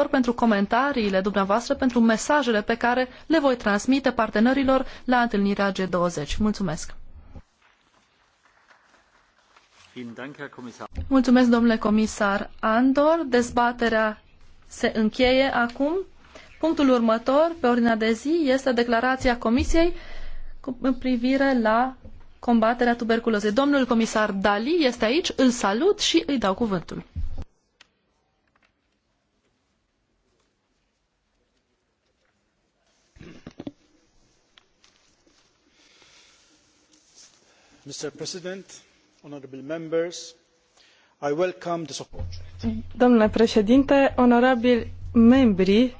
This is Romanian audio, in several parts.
recunoscător pentru comentariile dumneavoastră, pentru mesajele pe care le voi transmite partenerilor la întâlnirea G20. Mulțumesc! Mulțumesc, domnule comisar Andor. Dezbaterea se încheie acum. Punctul următor pe ordinea de zi este declarația Comisiei cu privire la combaterea tuberculozei. Domnul comisar Dali este aici, îl salut și îi dau cuvântul. Mr. President, honourable members, I welcome this opportunity. Domnule președinte, membri,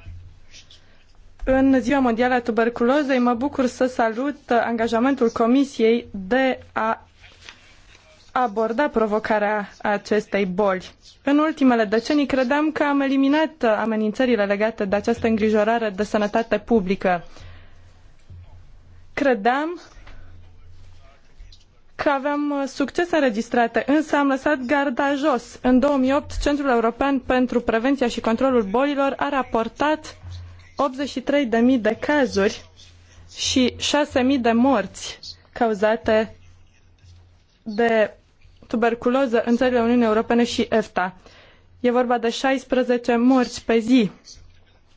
în Ziua Mondială a Tuberculozei mă bucur să salut angajamentul Comisiei de a aborda provocarea acestei boli. În ultimele decenii credeam că am eliminat amenințările legate de această îngrijorare de sănătate publică. Credeam că aveam uh, succese înregistrate, însă am lăsat garda jos. În 2008, Centrul European pentru Prevenția și Controlul Bolilor a raportat 83.000 de cazuri și 6.000 de morți cauzate de tuberculoză în țările Uniunii Europene și EFTA. E vorba de 16 morți pe zi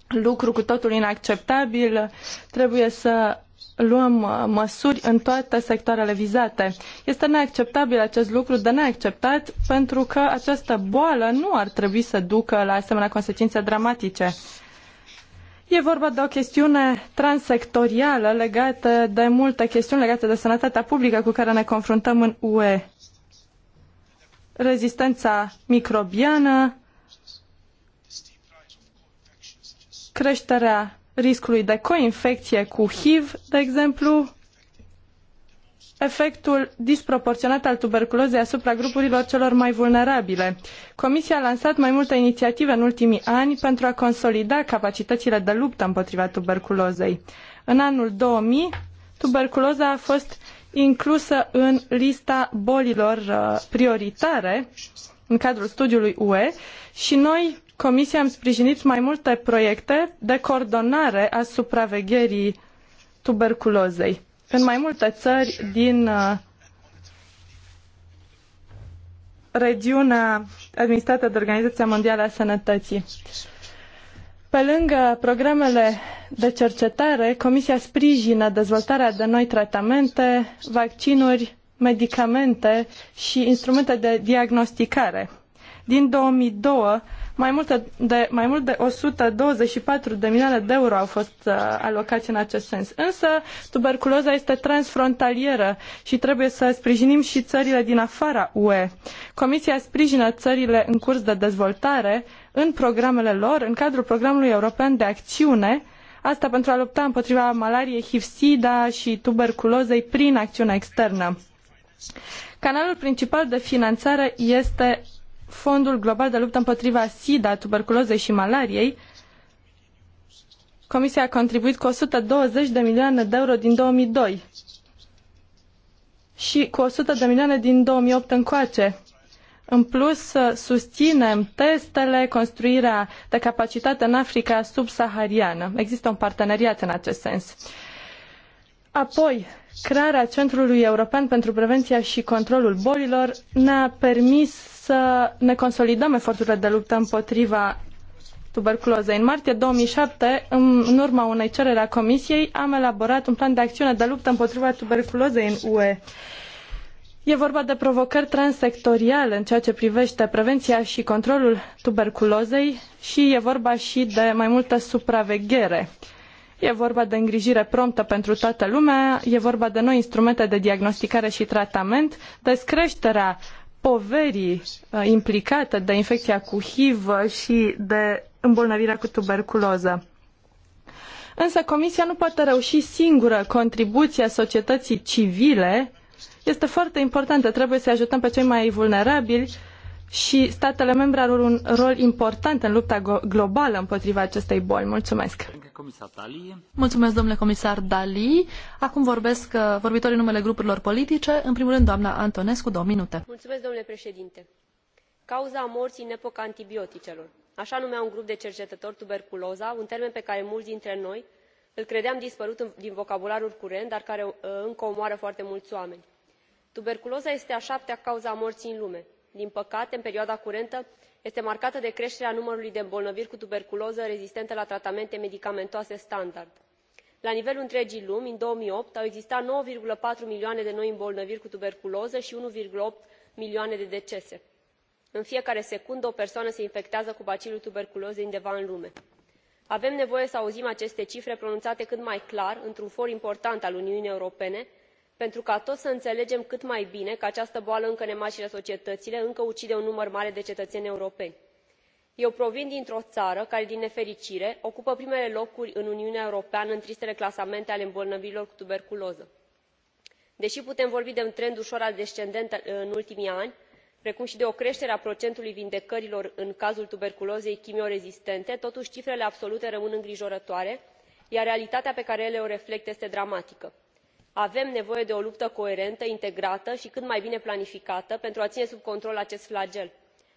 lucru cu totul inacceptabil. Trebuie să luăm uh, măsuri în toate sectoarele vizate. Este neacceptabil acest lucru de neacceptat pentru că această boală nu ar trebui să ducă la asemenea consecințe dramatice. E vorba de o chestiune transsectorială legată de multe chestiuni legate de sănătatea publică cu care ne confruntăm în UE. Rezistența microbiană, creșterea riscului de coinfecție cu HIV, de exemplu, efectul disproporționat al tuberculozei asupra grupurilor celor mai vulnerabile. Comisia a lansat mai multe inițiative în ultimii ani pentru a consolida capacitățile de luptă împotriva tuberculozei. În anul 2000, tuberculoza a fost inclusă în lista bolilor uh, prioritare în cadrul studiului UE și noi Comisia am sprijinit mai multe proiecte de coordonare a supravegherii tuberculozei în mai multe țări din uh, regiunea administrată de Organizația Mondială a Sănătății. Pe lângă programele de cercetare, Comisia sprijină dezvoltarea de noi tratamente, vaccinuri, medicamente și instrumente de diagnosticare. Din 2002, mai, multe de, mai mult de 124 de milioane de euro au fost uh, alocați în acest sens. Însă, tuberculoza este transfrontalieră și trebuie să sprijinim și țările din afara UE. Comisia sprijină țările în curs de dezvoltare în programele lor, în cadrul programului european de acțiune, asta pentru a lupta împotriva malariei, HIV-SIDA și tuberculozei prin acțiune externă. Canalul principal de finanțare este Fondul Global de Luptă împotriva SIDA, tuberculozei și malariei, Comisia a contribuit cu 120 de milioane de euro din 2002 și cu 100 de milioane din 2008 încoace. În plus, susținem testele, construirea de capacitate în Africa subsahariană. Există un parteneriat în acest sens. Apoi, crearea Centrului European pentru Prevenția și Controlul Bolilor ne-a permis să ne consolidăm eforturile de luptă împotriva tuberculozei. În martie 2007, în urma unei cereri a Comisiei, am elaborat un plan de acțiune de luptă împotriva tuberculozei în UE. E vorba de provocări transsectoriale în ceea ce privește prevenția și controlul tuberculozei și e vorba și de mai multă supraveghere. E vorba de îngrijire promptă pentru toată lumea, e vorba de noi instrumente de diagnosticare și tratament, de creșterea poverii uh, implicate de infecția cu HIV și de îmbolnăvirea cu tuberculoză. Însă Comisia nu poate reuși singură contribuția societății civile. Este foarte importantă, trebuie să ajutăm pe cei mai vulnerabili și statele membre au un rol important în lupta globală împotriva acestei boli. Mulțumesc! Mulțumesc, domnule comisar Dali. Acum vorbesc uh, vorbitorii numele grupurilor politice. În primul rând, doamna Antonescu, două minute. Mulțumesc, domnule președinte. Cauza morții în epoca antibioticelor. Așa numea un grup de cercetători tuberculoza, un termen pe care mulți dintre noi îl credeam dispărut din vocabularul curent, dar care uh, încă omoară foarte mulți oameni. Tuberculoza este a șaptea cauza morții în lume din păcate în perioada curentă este marcată de creterea numărului de îmbolnăviri cu tuberculoză rezistentă la tratamente medicamentoase standard. la nivelul întregii lumi în două mii opt au existat nouă patru milioane de noi îmbolnăviri cu tuberculoză i unu opt milioane de decese. în fiecare secundă o persoană se infectează cu bacilul tuberculozei undeva în lume. avem nevoie să auzim aceste cifre pronunate cât mai clar într un for important al uniunii europene pentru ca toi să înelegem cât mai bine că această boală încă ne macină societăile încă ucide un număr mare de cetăeni europeni. eu provin dintr o ară care din nefericire ocupă primele locuri în uniunea europeană în tristele clasamente ale îmbolnăvirilor cu tuberculoză. dei putem vorbi de un trend uor descendent uh, în ultimii ani precum i de o cretere a procentului vindecărilor în cazul tuberculozei chimiorezistente totui cifrele absolute rămân îngrijorătoare iar realitatea pe care ele o reflectă este dramatică avem nevoie de o luptă coerentă integrată i cât mai bine planificată pentru a ine sub control acest flagel.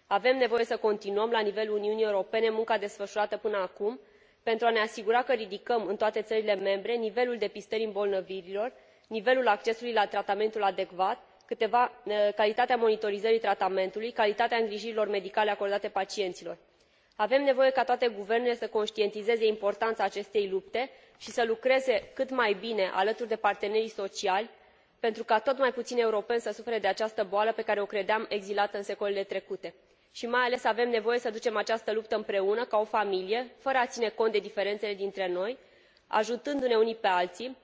avem nevoie să continuăm la nivelul uniunii europene munca desfăurată până acum pentru a ne asigura că ridicăm în toate ările membre nivelul depistării îmbolnăvirilor nivelul accesului la tratamentul adecvat eh, calitatea monitorizării tratamentului calitatea îngrijirilor medicale acordate pacienilor avem nevoie ca toate guvernele să contientizeze importana acestei lupte i să lucreze cât mai bine alături de partenerii sociali pentru ca tot mai puini europeni să sufere de această boală pe care o credeam exilată în secolele trecute i mai ales avem nevoie să ducem această luptă împreună ca o familie fără a ine cont de diferenele dintre noi ajutându ne unii pe alii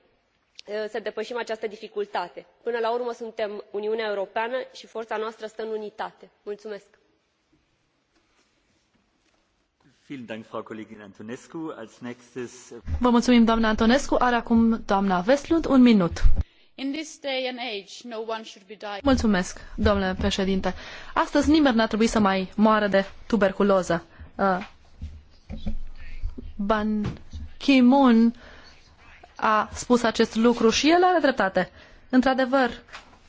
ă, să depăim această dificultate. până la urmă suntem uniunea europeană i fora noastră stă în unitate. mulumesc. Antonescu. Äh, acum un minut. Mulțumesc, domnule președinte. Astăzi nimeni nu ar trebui să mai moară de tuberculoză. Uh, Ban Ki-moon a spus acest lucru și el are dreptate. Într-adevăr,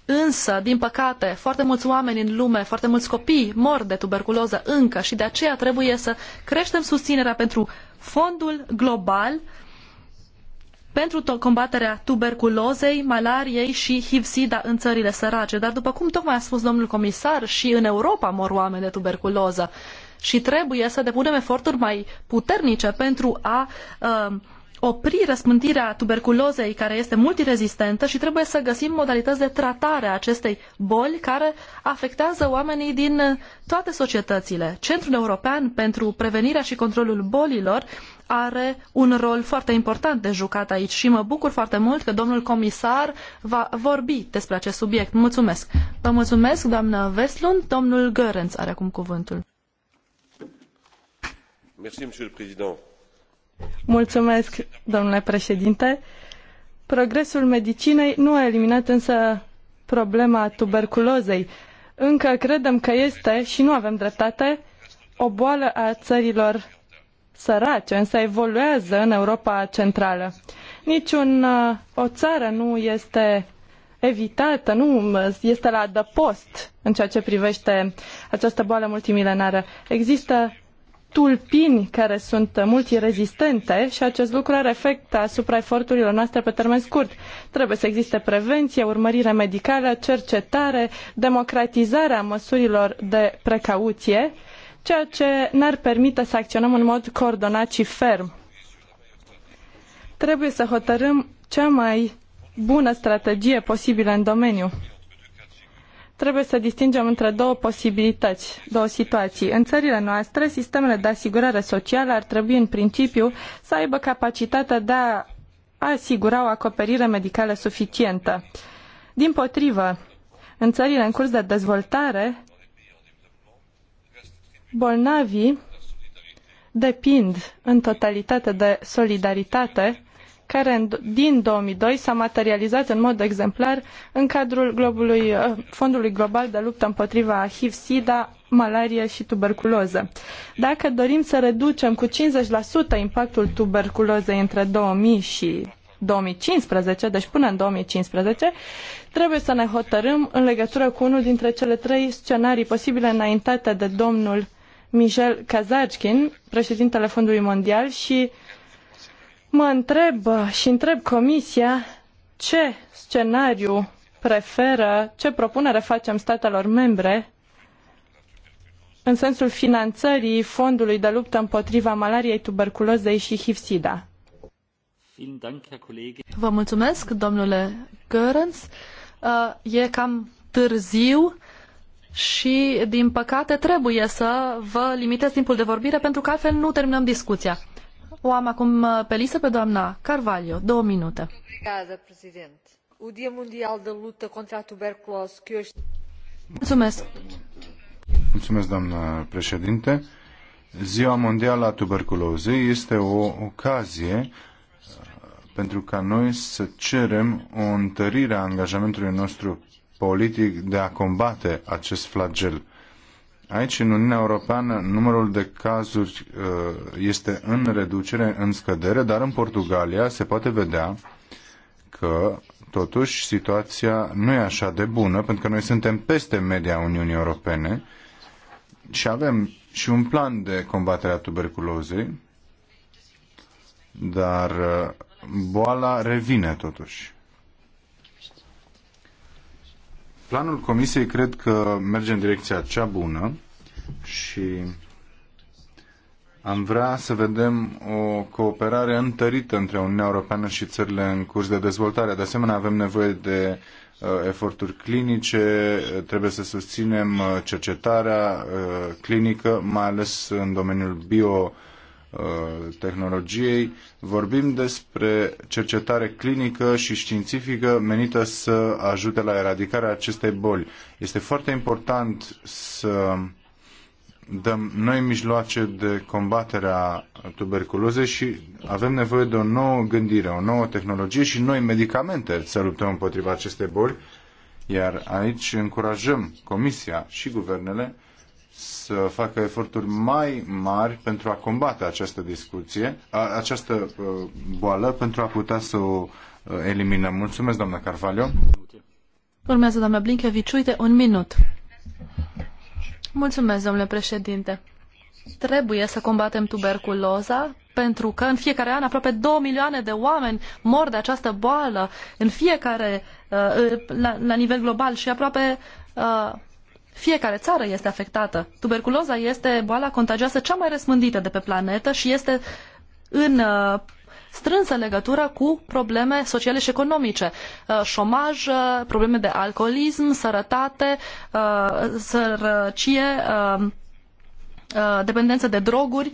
Însă, din păcate, foarte mulți oameni în lume, foarte mulți copii mor de tuberculoză încă și de aceea trebuie să creștem susținerea pentru fondul global pentru combaterea tuberculozei, malariei și HIV-SIDA în țările sărace. Dar după cum tocmai a spus domnul comisar, și în Europa mor oameni de tuberculoză și trebuie să depunem eforturi mai puternice pentru a uh, opri răspândirea tuberculozei care este multirezistentă și trebuie să găsim modalități de tratare a acestei boli care afectează oamenii din uh, toate societățile. Centrul European pentru Prevenirea și Controlul Bolilor are un rol foarte important de jucat aici și mă bucur foarte mult că domnul comisar va vorbi despre acest subiect. Mulțumesc! Vă mulțumesc, doamnă Vestlund. Domnul Gărenț are acum cuvântul. Mulțumesc, domnule președinte. Progresul medicinei nu a eliminat însă problema tuberculozei. Încă credem că este, și nu avem dreptate, o boală a țărilor sărace, însă evoluează în Europa Centrală. Niciun uh, o țară nu este evitată, nu uh, este la adăpost în ceea ce privește această boală multimilenară. Există tulpini care sunt multirezistente și acest lucru are efect asupra eforturilor noastre pe termen scurt. Trebuie să existe prevenție, urmărire medicală, cercetare, democratizarea măsurilor de precauție, ceea ce ne-ar permite să acționăm în mod coordonat și ferm. Trebuie să hotărâm cea mai bună strategie posibilă în domeniu trebuie să distingem între două posibilități, două situații. În țările noastre, sistemele de asigurare socială ar trebui, în principiu, să aibă capacitatea de a asigura o acoperire medicală suficientă. Din potrivă, în țările în curs de dezvoltare, bolnavii depind în totalitate de solidaritate care din 2002 s-a materializat în mod exemplar în cadrul globului, uh, Fondului Global de Luptă împotriva HIV-SIDA, malarie și tuberculoză. Dacă dorim să reducem cu 50% impactul tuberculozei între 2000 și 2015, deci până în 2015, trebuie să ne hotărâm în legătură cu unul dintre cele trei scenarii posibile înaintate de domnul Michel Kazachkin, președintele Fondului Mondial și uh, Mă întreb și întreb Comisia ce scenariu preferă, ce propunere facem statelor membre în sensul finanțării fondului de luptă împotriva malariei, tuberculozei și HIV-SIDA. Vă mulțumesc, domnule Görens. Uh, e cam târziu și, din păcate, trebuie să vă limitez timpul de vorbire pentru că altfel nu terminăm discuția o am acum uh, pe listă pe doamna Carvalho. Două minute. Mulțumesc. Mulțumesc, doamnă președinte. Ziua Mondială a Tuberculozei este o ocazie uh, pentru ca noi să cerem o întărire a angajamentului nostru politic de a combate acest flagel Aici, în Uniunea Europeană, numărul de cazuri uh, este în reducere, în scădere, dar în Portugalia se poate vedea că, totuși, situația nu e așa de bună, pentru că noi suntem peste media Uniunii Europene și avem și un plan de combatere a tuberculozei, dar uh, boala revine totuși. Planul Comisiei cred că merge în direcția cea bună și am vrea să vedem o cooperare întărită între Uniunea Europeană și țările în curs de dezvoltare. De asemenea, avem nevoie de uh, eforturi clinice, uh, trebuie să susținem uh, cercetarea uh, clinică, mai ales în domeniul bio Uh, tehnologiei, vorbim despre cercetare clinică și științifică menită să ajute la eradicarea acestei boli. Este foarte important să dăm noi mijloace de combatere a tuberculozei și avem nevoie de o nouă gândire, o nouă tehnologie și noi medicamente să luptăm împotriva acestei boli. Iar aici încurajăm Comisia și guvernele să facă eforturi mai mari pentru a combate această discuție, această uh, boală, pentru a putea să o uh, eliminăm. Mulțumesc, doamna Carvalho. Urmează doamna Blinkevici. Uite, un minut. Mulțumesc, domnule președinte. Trebuie să combatem tuberculoza pentru că în fiecare an aproape 2 milioane de oameni mor de această boală în fiecare, uh, la, la nivel global și aproape fiecare țară este afectată. Tuberculoza este boala contagioasă cea mai răspândită de pe planetă și este în uh, strânsă legătură cu probleme sociale și economice, uh, șomaj, uh, probleme de alcoolism, sărătate, sărăcie, dependență de droguri,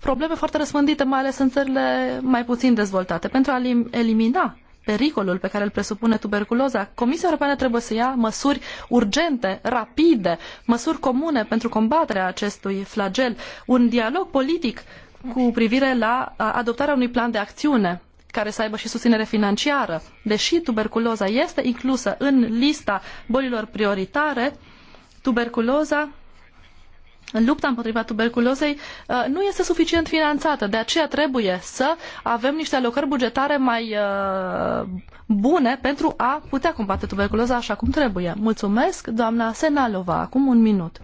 probleme foarte răspândite, mai ales în țările mai puțin dezvoltate. Pentru a elimina pericolul pe care îl presupune tuberculoza, Comisia Europeană trebuie să ia măsuri urgente, rapide, măsuri comune pentru combaterea acestui flagel, un dialog politic cu privire la adoptarea unui plan de acțiune care să aibă și susținere financiară. Deși tuberculoza este inclusă în lista bolilor prioritare, tuberculoza în lupta împotriva tuberculozei uh, nu este suficient finanțată. De aceea trebuie să avem niște alocări bugetare mai uh, bune pentru a putea combate tuberculoza așa cum trebuie. Mulțumesc, doamna Senalova. Acum un minut.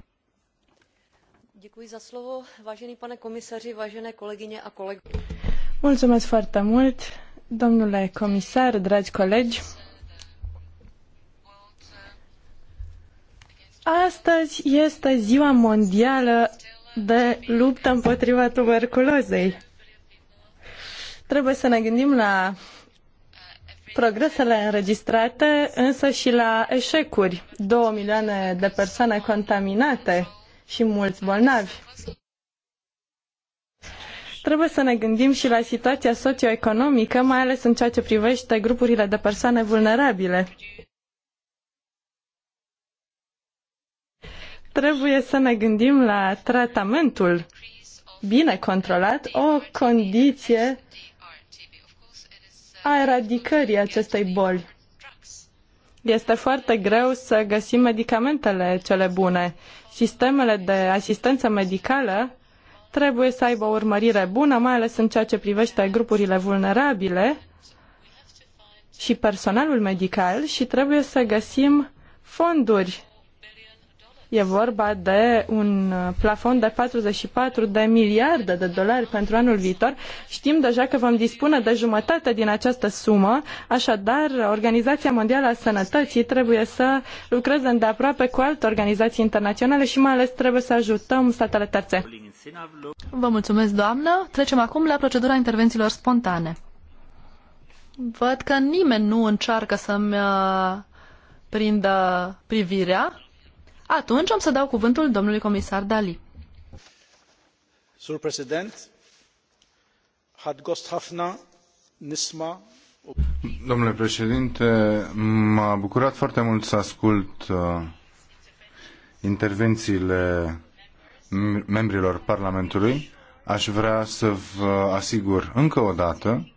Mulțumesc foarte mult, domnule comisar, dragi colegi. Astăzi este ziua mondială de luptă împotriva tuberculozei. Trebuie să ne gândim la progresele înregistrate, însă și la eșecuri. Două milioane de persoane contaminate și mulți bolnavi. Trebuie să ne gândim și la situația socioeconomică, mai ales în ceea ce privește grupurile de persoane vulnerabile. trebuie să ne gândim la tratamentul bine controlat, o condiție a eradicării acestei boli. Este foarte greu să găsim medicamentele cele bune. Sistemele de asistență medicală trebuie să aibă o urmărire bună, mai ales în ceea ce privește grupurile vulnerabile și personalul medical și trebuie să găsim fonduri E vorba de un plafon de 44 de miliarde de dolari pentru anul viitor. Știm deja că vom dispune de jumătate din această sumă, așadar Organizația Mondială a Sănătății trebuie să lucreze îndeaproape cu alte organizații internaționale și mai ales trebuie să ajutăm statele terțe. Vă mulțumesc, doamnă. Trecem acum la procedura intervențiilor spontane. Văd că nimeni nu încearcă să-mi uh, prindă privirea. Atunci am să dau cuvântul domnului comisar Dali. Sur president, had gost hafna nisma Domnule președinte, m-a bucurat foarte mult să ascult uh, intervențiile membrilor Parlamentului. Aș vrea să vă asigur încă o dată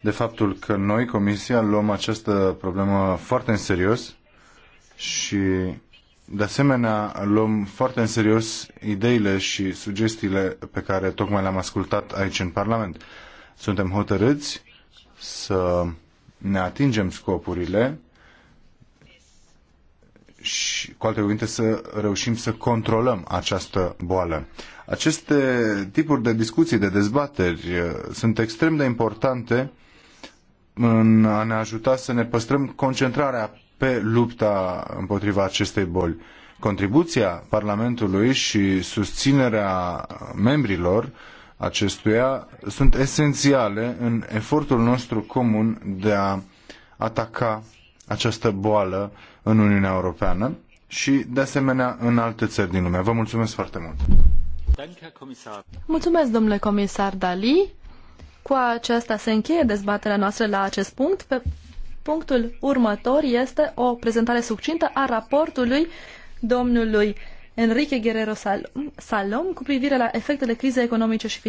de faptul că noi, Comisia, luăm această problemă foarte în serios și de asemenea, luăm foarte în serios ideile și sugestiile pe care tocmai le-am ascultat aici în Parlament. Suntem hotărâți să ne atingem scopurile și, cu alte cuvinte, să reușim să controlăm această boală. Aceste tipuri de discuții, de dezbateri, uh, sunt extrem de importante în a ne ajuta să ne păstrăm concentrarea pe lupta împotriva acestei boli. Contribuția Parlamentului și susținerea membrilor acestuia sunt esențiale în efortul nostru comun de a ataca această boală în Uniunea Europeană și, de asemenea, în alte țări din lume. Vă mulțumesc foarte mult! Mulțumesc, domnule comisar Dali! Cu aceasta se încheie dezbaterea noastră la acest punct. Pe Punctul următor este o prezentare succintă a raportului domnului Enrique Guerrero Salom cu privire la efectele crizei economice și financiare.